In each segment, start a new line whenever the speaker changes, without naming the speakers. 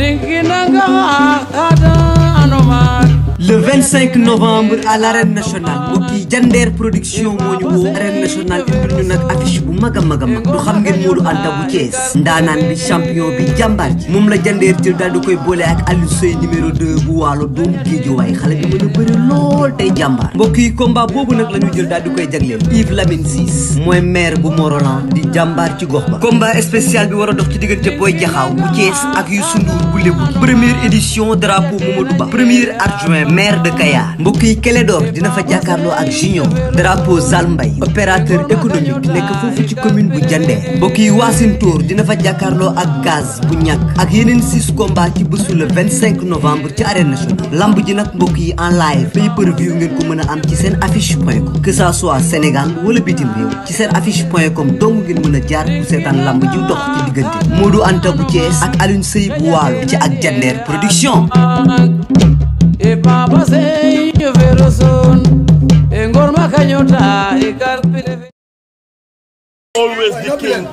ningi nanga ada le 25 novembre à l'arène nationale mbokk yi Jandeer production moo ñu woo arène nationale indil ñu nag affiche bu mag a mag a mag du xam ngeen Modou Anta bu Thiès ndaanaan bi champion bi jàmbaar ji moom la Jandeer jël daal di koy boole ak Aliou Seye numéro 2 bu waalo doomu Géejuwaay xale bi mën a bëri lool tey jàmbaar mbokk yi boobu nag la ñu jël daal di koy jagleel Yves Lamine Ciss mooy maire bu Morolan di jàmbaar ci gox ba combat bi war a dox ci diggante Boy Jaxaaw bu Thiès maire de Kayar mbokk yi Clédor dina fa jàkkaarloo ak Junior drapeau Zalmbay opérateur économique nekk foofu ci commune bu Diender mbokk yi Wassintour dina fa jàkkaarloo ak gaz bu ñàkk ak yeneen six combats ci bésu le 25 novembre ci arène nationale lamb ji nag mbokk yi en live pay per view ngeen ko mën a am ci seen affiche point com que ça soit Sénégal wala bitim réew ci seen affiche point com dong ngeen mën a jaar bu seetaan lamb ji dox ci diggante Modou Anta bu Thiès ak Alioune Seye bu Waalo ci ak Diender production mabase yofero son e ngorma kañota e karpile
always the king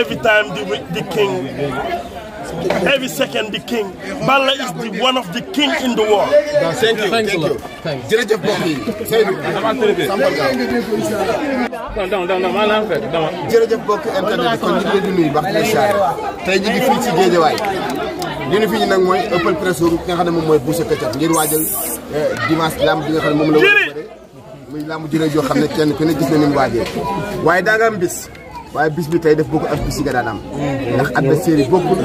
every time the, king Every second the king. Balla is the one a lot. Thanks. Jërëjëf mbokk yi. Seydou. Non non maa naan fekk Jërëjëf mbokk internet kon ñu ngi leen di nuyu baax na inchallah. Tey ñu ngi fii ci Géejawaay. ñu ne nag mooy open press ki nga xam ne moom mooy Boucher Ketchup ngir waajal eh, dimanche lamb bi nga xam ne moom la war a joo xam ne kenn ku ne gis na waaye daa bis waaye bis bi tey def bokkul ak bis yi nga daan am. ndax adversaire yi bokkul.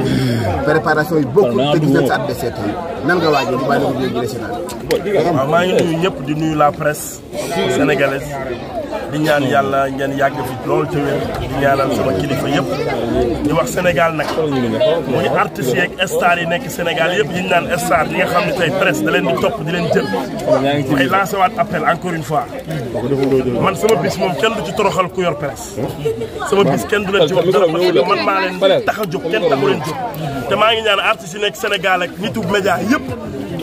préparation yi bokkul te gis nañ sa adversaire tey nan nga waajee di bàyyi la ko jëlee national. nuyu di nuyu la presse sénégalaise. di ñaan yàlla ngeen yàgg fi loolu ci wér di ñaanal sama kilifa yëpp di wax Sénégal nag muy artistes yeeg stars yi nekk Sénégal yëpp yi ñu naan star ñi nga xam ne tey presse da leen di topp di leen jël ay lancé waat appel encore une fois man sama bis moom kenn du ci toroxal ku yor presse sama bis kenn du leen ci wax dara parce que man maa leen kenn taxu leen jóg te maa ngi ñaan artistes yi nekk Sénégal ak nitu média yëpp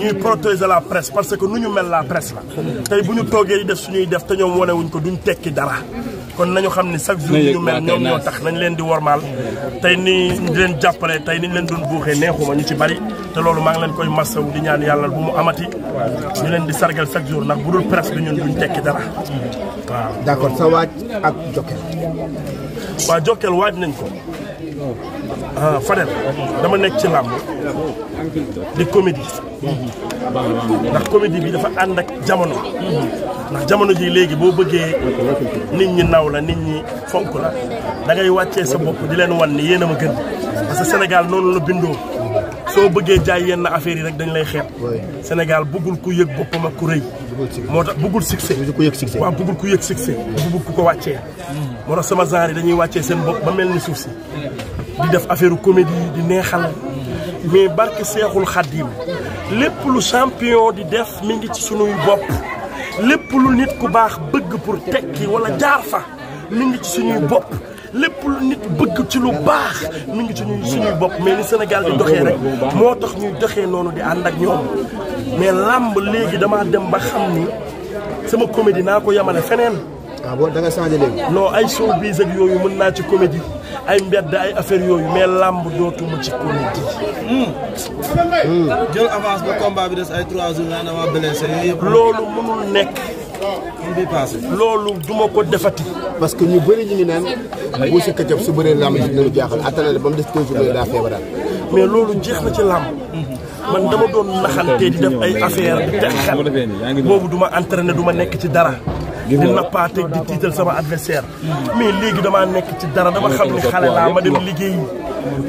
ñuy protéger la presse parce que nu ñu mel la presse la tey bu ñu toogee def suñuy def te ñoom wane wuñ ko duñ tekki dara kon nañu xam ni chaque jour ñu mel ñoom ñoo tax nañ leen di wormaal tey ni di leen jàppale tey niñ leen doon buuxee neexuma ñu ci bari te loolu maa ngi leen koy massawu di ñaan yàlla bu mu amati ñu leen di sargal chaque jour ndax bu dul presse bi ñun duñ tekki dara waaw d'accord sa waaj ak Jokal waa Jokal waaj nañ ko Ah, Fadel dama nekk ci làmb di comédie ndax comédie bi dafa ànd ak jamono ndax jamono ji léegi boo bëggee nit ñi naw la nit ñi fonk la da wàccee sa bopp di leen wan ni yéen ma gën parce que noonu la bindoo soo bëggee jaay yenn affaires yi rek dañ lay xeeb Sénégal bëggul ku yëg boppam ak ku rëy moo tax bëggul succès waaw bëggul ku yëg succès bëggul ku ko wàccee moo tax sama genre yi dañuy wàccee seen bopp ba mel ni suuf si di def affaire comédie di neexal mais barke seexul xaddim lépp lu champion di def mi ngi ci suñuy bopp lépp lu nit ku baax bëgg pour tekki wala jaar fa mu ngi ci suñuy bopp lépp lu nit bëgg ci lu baax mi ngi ci ñuy suñuy bopp mais ni Sénégal di doxee rek moo tax ñuy doxee noonu di ànd ak ñoom mais làmb léegi dama dem ba xam ni sama comédie naa ko yemale feneen waaw ah, boo da nga changé léegi. ay showbiz ak yooyu mën naa ci comédie ay mbedd ay affaire yooyu mais làmb dootuma ci comédie. Hmm. Hmm. jël avance ba combat bi des ay trois jours naan waa blessé yooyu yëpp. loolu mënul nekk. loolu duma ko defati. parce que ñu bëri ñu ngi naan. bu si këcëb su bëree làmb ji dinañu jaaxal attanale ba mu des deux jours daa feebaral. mais loolu jeex na ci làmb. man dama doon naxante di def ay affaire di teg xel. boobu duma entraîné duma nekk ci dara. di nappaate di tiital sama adversaire mais léegi damaa nekk ci dara dama xam ne xale laa ma dem liggéey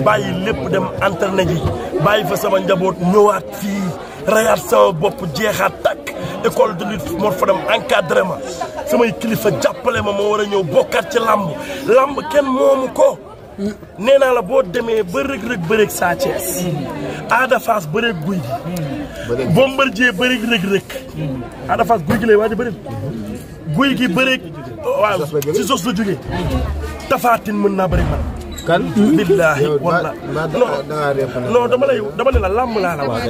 bàyyi lépp dem entraîné ji bàyyi fa sama njaboot ñëwaat fii rayaat sama bopp jeexaat takk école de lutte moo fa dem encadré ma samay kilifa jàppale ma ma war a ñëw bokkaat ci làmb làmb kenn moomu ko nee naa la boo demee ba rëg-rëg bëreeg Sa Thiès Ada Fass bëreeg guy gi Bombardier rëg-rëg Ada Fass guy gi lay waaj a bëreeg guy gi bëreeg waaw si sos la jógee tafaatin mën naa bëri man kan billaahi walla non non dama lay dama ne la làmb laa la wax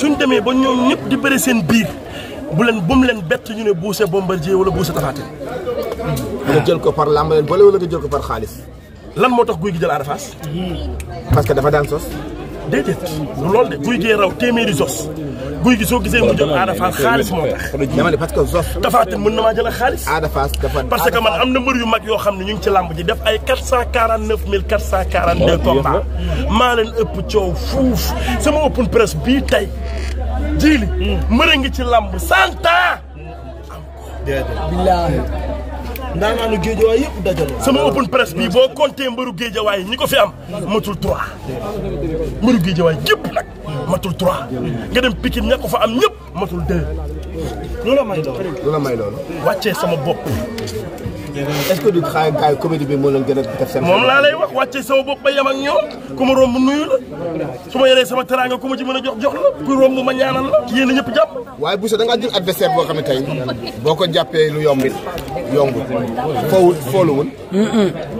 suñ demee ba ñoom ñëpp di bëri seen biir bu leen bu mu leen bett ñu ne buuse bombardier wala buuse tafaatin nga jël ko par làmb leen ba boole wala nga jël ko par xaalis lan moo tax guy gi jël aarafaas parce que dafa daan sos déedéet du loolu de guy gee raw téeméeri zos guy gi soo gisee mu jël Ada Fass xaalis moo tax. dama ne parce tafaatin mën na maa jël xaalis. parce que man am na mbër yu mag yoo xam ne ñu ngi ci làmb ji def ay 449 442 combats. maa leen ëpp coow fuuf sama open press bii tey jiili. Hmm. mën ngi ci làmb cent ans. déedéet. ndaanaanu géejawaay yëpp dajaloo. sama open press bii boo compté mbëru géejawaay ñi ko fi am matul 3 mbëru géejawaay yëpp nag matul
3
nga dem Pikine ña ko fa am ñëpp matul 2. loola may loolu. loola may loolu. wàccee sama bopp. est-ce que du xaay gaay comédie bi moo leen gën a def moom laa lay wax wàcce sama bopp ba yem ak ñoom ku ma romb nuyu la su ma yoree sama teraanga ku ma ci mën a jox jox la ku romb ma ñaanal la yéen a ñëpp jàpp. waaye Boucher da ngaa jël adversaire boo xam ne tey boo ko jàppee lu yomb it yombul foowul fooluwul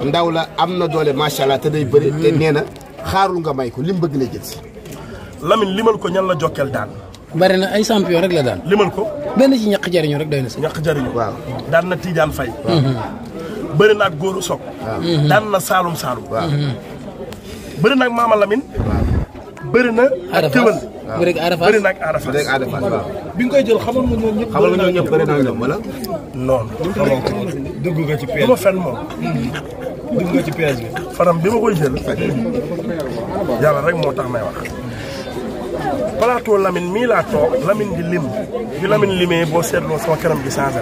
ndaw la am na doole macha allah te day bëri te nee na xaarul nga may ko li mu bëgg lay jël si Lamine limal ko ñan la jokkeel daan bari na ay champion rek la daan limal ko benn ci ñaq jariñu rek doy na si ñaq jariñu waaw daan na Tidiane Faye mm-hmm. bëri na ak góoru Sock mm-hmm. daan na Saalum Saalum mm-hmm. bëri na ak Maama Lamine bëri na ak Kéwél bëri bi nga koy jël xamoon nga ñoom ñëpp. xamoon nga ñoom ñëpp bëri na ak ñoom wala. non xamoo ko dugg nga ci piège bi mm-hmm. faram bi ma koy jël. yàlla rek moo tax wax. plateau Lamine mii laa di lim. bi Lamine limee boo seetloo sama kanam gi changé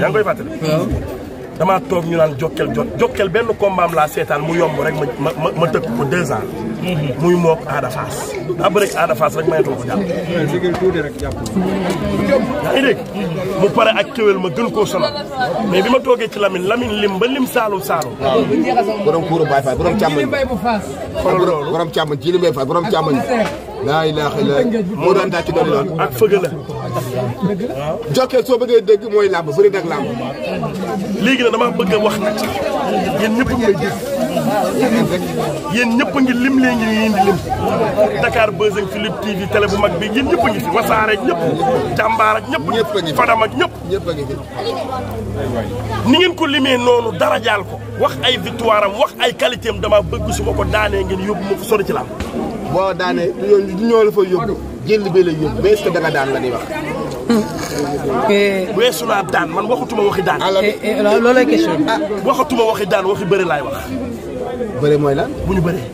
na. koy fàttali. damaa toog ñu naan Jokkel jot Jokkel benn kombaam laa seetaan mu yomb rek ma ma ma tëkk ko deux ans. Mhm. muy mook Ada Fass. daa bëri ma Fass rek mayatoo ko jàpp. yaa mu pare ak kéwél ma gën koo sonal. mais bi ma toogee ci Lamine Lamine lim ba lim Saalum Saalum. waaw borom kuuru Baye Faye borom càmmoñ. xoolal loolu borom càmmoñ ci li Baye Faye borom càmmoñ. laa ilaaha illa moo doon daa ci doon lool ak fëgg Jokal soo bëggee dégg mooy laa làmb bëri nag làmb. léegi nag dama bëgg a wax na yéen ñëpp ngay dégg yéen ñëpp ngi lim lee ngi yéen di lim Dakar Buzz ak Philippe TV bu mag bi yéen ñëpp a wasaare ñëpp jàmbaar ak ñëpp fadam ñëpp ni ngeen ko limee noonu dara jaal ko wax ay victoire am wax ay qualité am dama bëgg su ma ko daanee ngeen yóbbu ma ko sori ci boo daanee du ñoo la fa yóbbu jël bee la yóbbu mais est-ce danga daan la ñuy wax. Eh, eh, weesu naa daan man waxatuma waxi daan. alors eh, loolu lay question ah waxi daan laay wax. bëri mooy lan bu ñu bëree.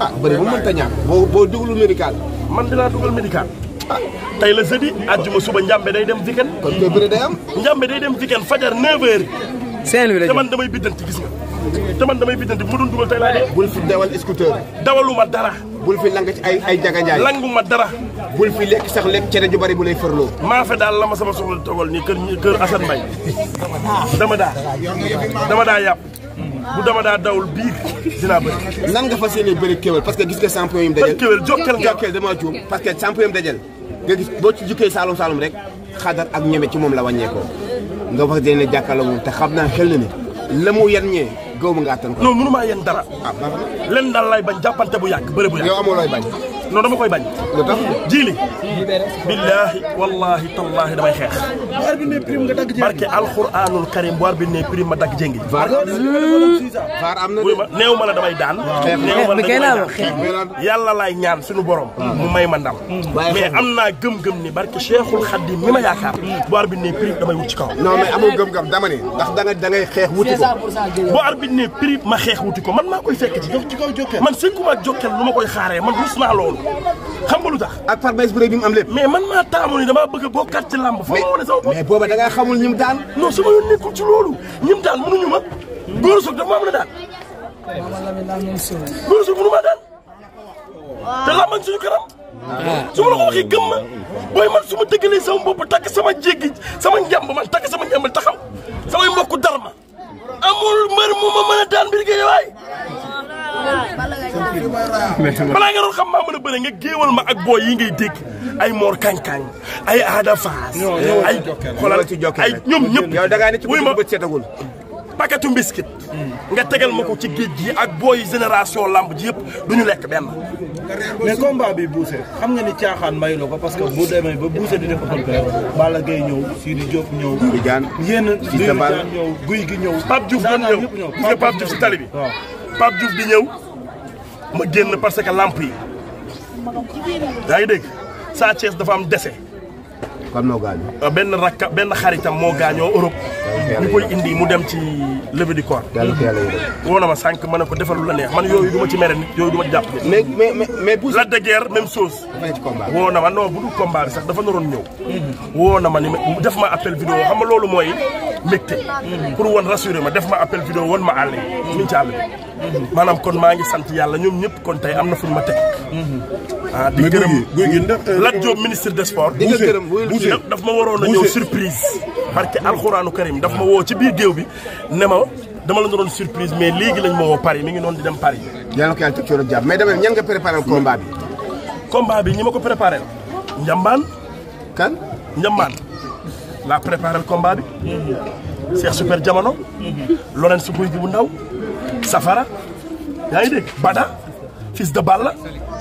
a ah, bëri bu mënta ñàkk boo boo dugalul médical. man dinaa dugal médical. ah tey la jeudi àjjuma suba njàmbe day dem weekend. kon kay bëri day am. njàmbe day dem weekend fajar 9 Saint-Louis la man damay biddanti gis nga te man damay biddanti bu ma doon dugal tey laa dee. bul fi dawal scooter. dawaluma dara. bul fi lang ci ay ay languma dara. bu fi lekk sax lekk cere ju bari bu lay farloo. maa daal la ma sama soxla togal nii kër kër Assane Mbaye. dama daa dama daa yàpp. bu dama daa dawul biir dinaa bëri. nan nga fas yéene bëri kéwél parce que gis nga champion yi mu dajal. kéwél parce que champion yi mu dajal nga gis boo ci jukkee Saalum Saalum rek xadar ak ñeme ci moom la wàññeekoo nga fas yéene jàkkaarloo moom te xam naa xel na ne la mu yan ñee gaw ma nga attan ko. non mënu maa yéen dara. ah len lenn daal laay bañ jàppante bu yàgg bëre bu yàgg. yow amoo looy bañ. non dama koy bañ. lu tax jiili. billaahi wallaahi tallaahi damay xeex. bu arbitre bi prime nga dagg jéngi. barke alxuraanul karim bu arbitre ne prime ma dagg jéngi. vaar am na de. néew ma la damay daan. néew ma la damay daan xeex yàlla laay ñaan suñu borom. mu may ma ndam. Mm. mais am naa gëm-gëm ni barke Cheikhul Khadim mi ma yaakaar. bu mm. bi ne prime damay wut ci kaw. non mais amul gëm-gëm dama ne ndax danga dangay xeex wuti ko. bu arbitre ne prime ma xeex wuti ko man maa koy fekk ci. man sëkkuma ak Jokal lu ma koy xaaree man rus naa loolu loolu xam nga lu tax ak par bu rëy bi mu am lépp mais man maa taamu ni damaa bëgg a bokkaat ci làmb foo ma wane sama bopp mais booba da ngaa xamul ñim daan non su ma yoon nekkul ci ñim daan mënuñu ma góor soog dafa ma a daan góor soog mënu ma la ko waxee gëm ma booy sama bopp sama jéggi sama takk sama njàmb taxaw samay mbokku darma amul mbër mu ma mën a daan mbir géej balaa nga doon xam maa mën a bëre nga géewal ma ak booy yi ngay dégg ay Mor Kankang ay Ada Fass ay xoolal ay ñoom ñëpp wuy ma paquetu mbiskit nga tegal ma ko ci géej gi ak booy génération lamb ji yëpp du ñu lekk benn mais combat bi buuse xam nga ni caaxaan mayu la ko parce que bu demee ba buuse di def open press Balla Gaye ñëw Sidi Diop ñëw yéen Guy gi ñëw Pape Diouf doon ñëw gis nga Pape Diouf si tali bi par Diouf di ñëw ma génn parce que lamp yi yaa ngi dégg Sa dafa am dese. kan moo gaañoo. Ah, benn rakka benn xaritam moo gaañoo Europe. ñu koy indi mu dem ci levée du corps. yàlla ko yàlla woo ma sànq ma ne ko defal lu la neex man yooyu du ma ci mere nit yooyu du ma ci jàpp nit. mais mais mais pour. la de guerre même chose. woo na ma non bu dul combat bi sax dafa naroon ñëw. woo ma ni ma def ma appel vidéo xam loolu mooy mbégte. pour woon rassurer ma def ma appel vidéo woon ma àll yi. mi ci àll bi. maanaam kon maa ngi sant yàlla ñoom ñëpp kon tey am na fu ñu ma teg. ah di gërëm euh, Lat Diop ministre des sports. daf ma waroon a ñëw surprise. barke alxuraanu karim daf ma woo ci biir géew bi ne ma dama la doon surprise mais léegi lañ ma woo Paris mi ngi noonu di dem Paris. yàlla na ko yàlla teg coono jàmm mais damay ñan nga préparé combat bi. combat bi ñi ma ko préparé la. Njambaan. kan Njambaan. laa préparé Jamono. Loren su guy bu ndaw. Safara. yaa ngi dégg Bada. fils de Balla.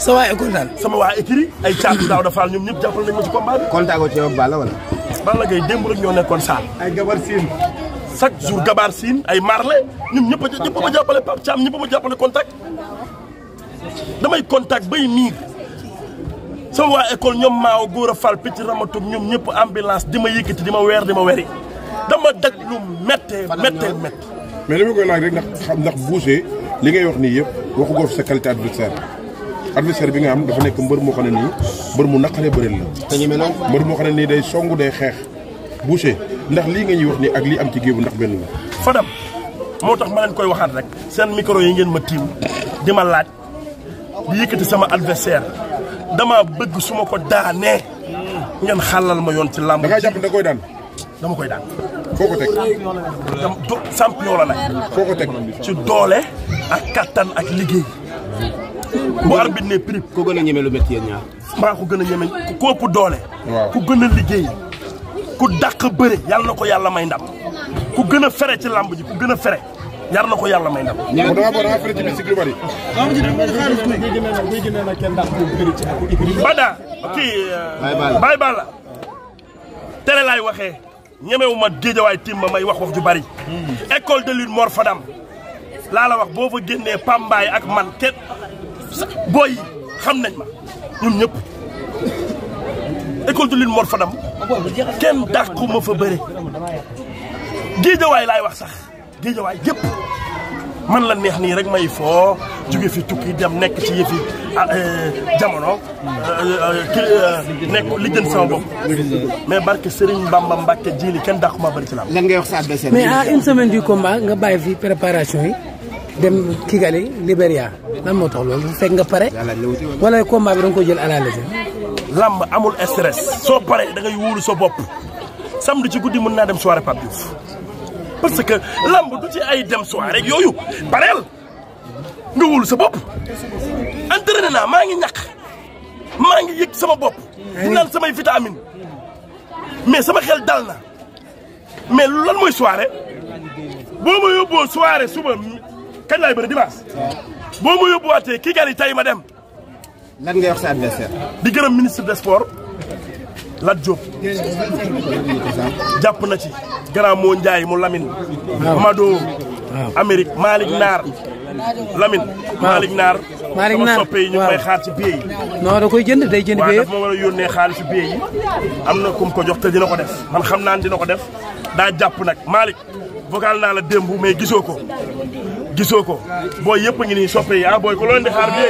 sa waa école daal. sama waa écrit ay caatu daaw dafaal ñoom ñëpp jàppal nañ ma ci combat bi. kontaagoo ci yow Balla wala. Balla Gaye démb rek ñoo nekkoon saal. ay gabar siin. chaque jour gabar siin ay marle ñun ñëpp a ñëpp a jàppale Pape Thiam ñëpp a jàppale contact. damay contact bay miir sama waa école ñoom maaw góor a fal picc ramatug ñoom ñëpp ambulance di ma yëkkati di ma weer di ma weri dama daj lu méttee méttee mett mais li ma koy laaj rek ndax xam ndax Boucher li ngay wax nii yëpp waxu ko fi sa qualité adversaire adversaire bi nga am dafa nekk mbër moo xam ne nii mbër mu naqaree bëril la. te ñu mel noonu mbër moo xam ne nii day songu day xeex. Boucher ndax lii nga ñuy wax ni ak lii am ci géebu ndax benn la. Fadam moo tax ma leen koy waxaat rek seen micro yi ngeen ma tiim di ma laaj di yëkkati sama adversaire dama bëgg su ma ko daanee ngeen xàllal ma yoon ci làmb. da jàpp da koy daan. dama koy daan. foo ko teg. champion la nag. foo ko teg ci doole ak kattan ak liggéey. bu arbitre ne prix. ku gën a ñeme lu métti yéen ku gën a ñeme ku ëpp doole. ku gën a liggéey ku dàq bëre yàlla na ko yàlla may ndam ku gën a fere ci làmb ku gën a fere yàlla na ko yàlla may ndam. ñaar da nga fere ci biir lu bari. Bada kii Baye Balla tere laay ñemewu ma géejawaay tim may wax wax ju bari. Hmm. école de lutte Mor Fadam la wax boo fa génnee Pambaay ak man te booy yi xam nañ ma ñun ñëpp école de lune Mor Fadam kenn dàqu ma fa bëre géejawaay laay wax sax waay yëpp man la neex nii rek may foo jóge fi tukki jam nekk ci yëfi ah, euh, jamono ki euh, euh, nekk li jën sama bopp mais barke Serigne Bamba Mbacke jii li kenn dàqu ma bëri ci laam lan ngay wax sa adversaire mais à nga bàyyi fi préparation yi dem Kigali Liberia lan moo tax loolu fekk nga pare. wala combat bi da ko jël à la lamb amul stress soo paree da ngay wóolu sa bopp samedi ci guddi mën naa dem soirée Pape Diouf parce que lamb du ci ay dem soirée yooyu pareel nga wóolu sa bopp entraîné naa maa ngi ñàkk maa ngi yëg sama bopp. naan samay vitamine mais sama xel dal na mais lan mooy soirée boo ma yóbboo soirée suba. kañ laay bëri dimanche. boo ma yóbbuwaatee kii gari tey ma dem. lan ngay wax sa adversaire. di gërëm ministre des Lat Diop. jàpp na ci. grand moo Ndiaye mu Lamine. Mado. Amérique Malick Naar. Lamine. Malick Naar. Malick Naar sama soppe ñu koy xaar ci billet yi. non da koy jënd day jënd billet waaw war a yónnee xaalis ci billet yi. am na ku mu ko jox te dina ko def man xam naa ne dina ko def daa jàpp nag Malick vocal naa la démb mais gisoo ko. gisoo ko booy yëpp ngi ni soppe yi ah, booy ko loon di xaar bi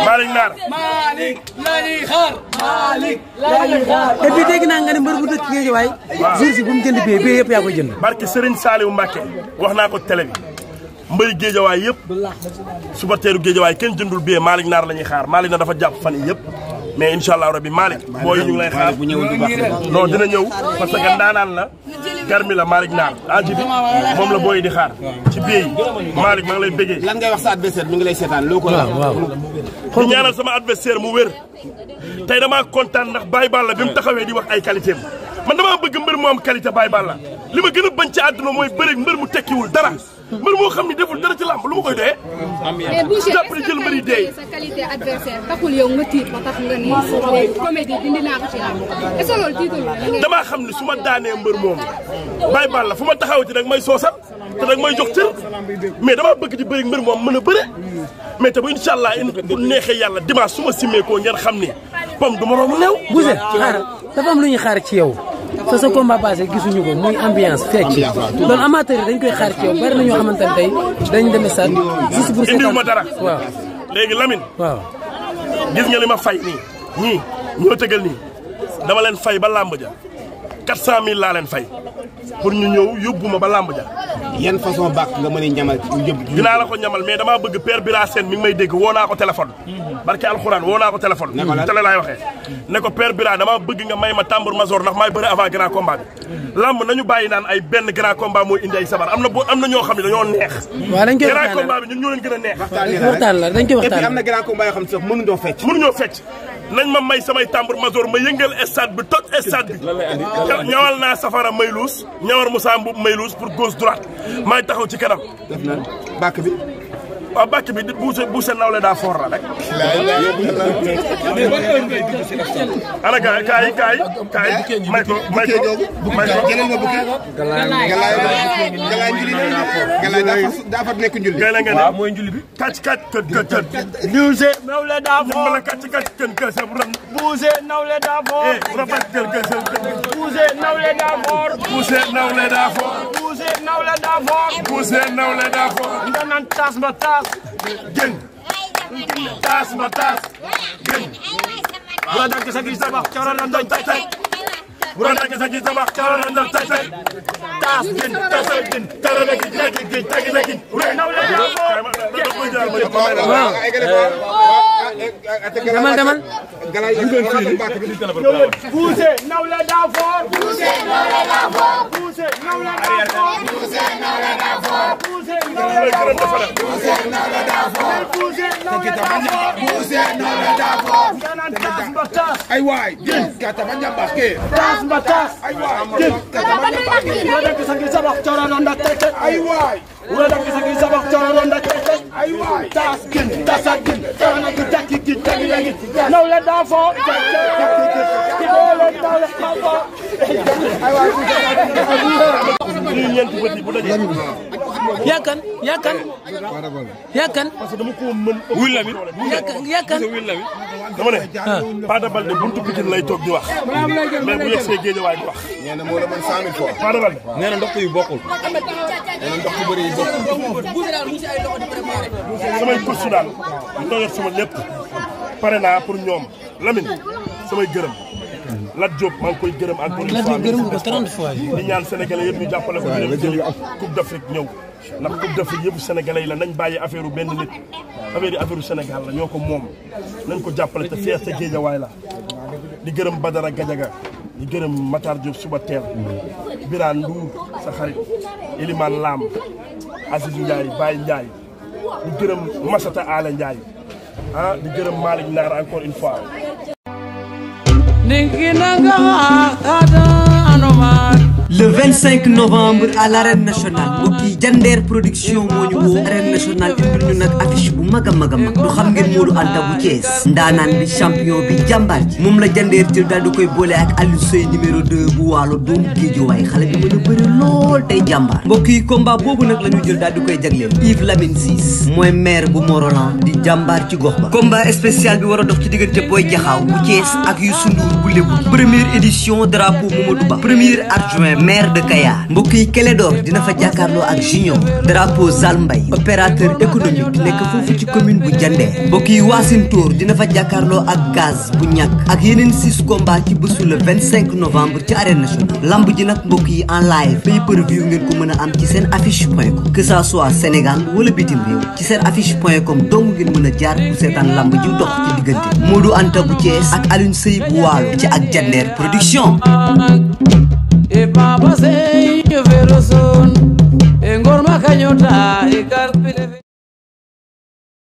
Malick Naar. Malick la ñuy xaar. Malick la ñuy xaar.
nga ne mbër bu dëkk géej waay. waaw jour si bu mu jënd bee bee yëpp yaa koy jënd. barke Serigne Saliou Mbacké wax naa ko télé bi mbëri géejawaay yëpp supporteeru géejawaay kenn jëndul bee Malick Naar la ñuy xaar Malick Naar dafa jàpp fan yii yëpp. mais incha allah rabi Malick booy ñu ngi lay xaar non dina ñëw parce que daanaan la garmi la Malick naar en jibi moom la booy di xaar ci biir Malick ma ngi lay bëggee lan ngay wax sa adversaire mi ngi lay seetaan loo ko la di ñaanal sama adversaire mu wér tey damaa kontaan ndax Baye Balla bi mu taxawee di wax ay qualité man damaa bëgg mbër mu am qualité Baye Balla li ma gën a bañ ci àdduna mooy bëreeg mbër mu tekkiwul dara mbër moo xam ne deful dara ci làmb lu ma koy
doyee. su jàppale jël mbër yi dee. yow nga tiit ba ni comédie dindi naa ko ci làmb est la. damaa
xam ne su ma daanee mbër moom Baye Balla fu ma taxaw ci nag may soosal te nag may jox cër mais dama bëgg di bëreeg mbër moom mën a bëre mais te bu incha allah neexee yàlla dima su ma simmee koo ngeen xam ni pom du ma romb néew. Boucher xaaral
dafa am lu ñuy xaar ci yow sa sa combat passé gisuñu ko muy ambiance fecc te amateur yi dañ koy xaar ci yow bari na ñoo xamante ne tey dañ dem stade juste pour indiwu ma
dara waaw léegi lamin waaw gis nga li ma fay nii ñii ñoo tëgal nii dama leen fay ba làmb ja quatre cent mille laa leen fay pour ñu ñëw yóbbu ma ba làmb ja yan façon bàq nga mën a ñamal dinaa la ko ñamal mais damaa bëgg père Bira Sène may dégg woo naa ko téléphone mhm. barke alxuraan woo naa ko téléphone télé laay waxee ne bëgg nga may ma tambour major ndax maay bëri avant grand combat mhm. lamb nañu bàyyi ay benn grand combat mooy indi ay sabar am na ñoo xam ne dañoo neex grand combat ñun ñoo a neex waxtaan la dañ koy waxtaan am na grand nañ ma may samay tambour major ma yëngal stade bi toj stade bi ñawal naa safara mayluus ñawar Moussa Mboub mayluus pour gauche droite maay taxaw ci kanam bàkk bi waaw bàcc bi di buuse a naw la daa foor la rek. ana kaay kaay kaay kaay may ko may ko may ko. galaay galaay njulli bi. kàcc kàcc kën kën kën. buuse naw la daa foor la kàcc Ouzin nawle daa foor. Ouzin nawle daa foor. nga naan taas ma taas. gën. taas ma taas. gën. bu la dagg sa gis tabax cawara doon doon tay tay. bu la dagg sa gis tabax cawara doon doon tay tay. taas gën taasal gën. cawara la gis la gis gën tagi la gis. nawle daa foor. demal demal. Poussé nawle daa foor. Poussé nawle daa foor. Poussé nawle daa foor. Poussé
nawle daa foor. Poussé nawle daa foor. Poussé nawle daa foor. Poussé nawle daa foor. Poussé nawle daa
foor. Ganaan taas mba taas. ay waay jën gata ba njambax kee. taas mba taas. ay waay jën gata ba njambax kee. Wala dëgg sa ngi sabax coro ronda tete. ay waay. Wala dëgg sa ngi sabax coro ronda tete. Taskin, tasagin, tanagi takiki tanagi. No let that fall.
Ay waay. Ñi
ñent bët yi bu dajé. yàkkan yàkkan yàkkan parce que dama ko mën Will Lamine yàkkan Will dama ne ah. Paada Balde buntu Pikine lay toog di wax mais bu yegsee Géejawaay di wax nee na moo la mën cent mille na ndox sama lépp pare naa pour ñoom Lamine samay gërëm Lat Diop maa ngi koy gërëm encore une fois. Lat Diop ñaan sénégalais yëpp ñu jàppale ko. waaw Coupe d'Afrique ñëw. ndax coupe d'Afrique yëpp sénégalais yi la nañ bàyyi affaire u benn nit affaire yi affaire ñoo ko moom nañ ko jàppale te fier sa géejawaay la di gërëm Badara Gajaga di gërëm Matar Diop suba teel Birane di gërëm Massata
Naar ah, encore une fois ningi nanga ada anomaat le 25 novembre à l'arène nationale mbokk yi Jandeer production moo ñu oo arène nationale indil ñu nag affiche bu mag a mag a du xam ngeen Modou Anta bu Thiès ndaanaan bi champion bi jàmbaar ji moom la Jandeer jël daal di koy boole ak Aliou Seye numéro 2 bu waalo doomu Géejuwaay xale bi mën a bëri lool tey jàmbaar mbokki yi boobu nag la ñu jël daal di koy jagleel Yves Lamine Ciss mooy maire bu Morolan di jàmbaar ci gox ba combat spécial bi war a dox ci diggante Boy Jaxaaw bu Thiès ak Youssou Ndour bu Lébu maire de mbokk yi Clédor dina fa jàkkaarloo ak Junior drapeau Zalmbay opérateur économique nekk foofu ci commune bu Diender mbokk yi Wassintor dina fa jàkkaarloo ak gaz bu ñàkk ak yeneen six combats ci bésu le 25 novembre ci arène nationale lamb ji nag mbokk yi en live pay per view ngeen ko mën a am ci seen affiche point com que ça soit Sénégal wala bitim réew ci seen affiche point com dong ngeen mën a jaar pour seetaan lamb ji dox ci diggante Modou Anta bu Thiès ak Alioune Seye bu Waalo ci ak Diender production e papa sey yo feroson e gorma kañota e gaspile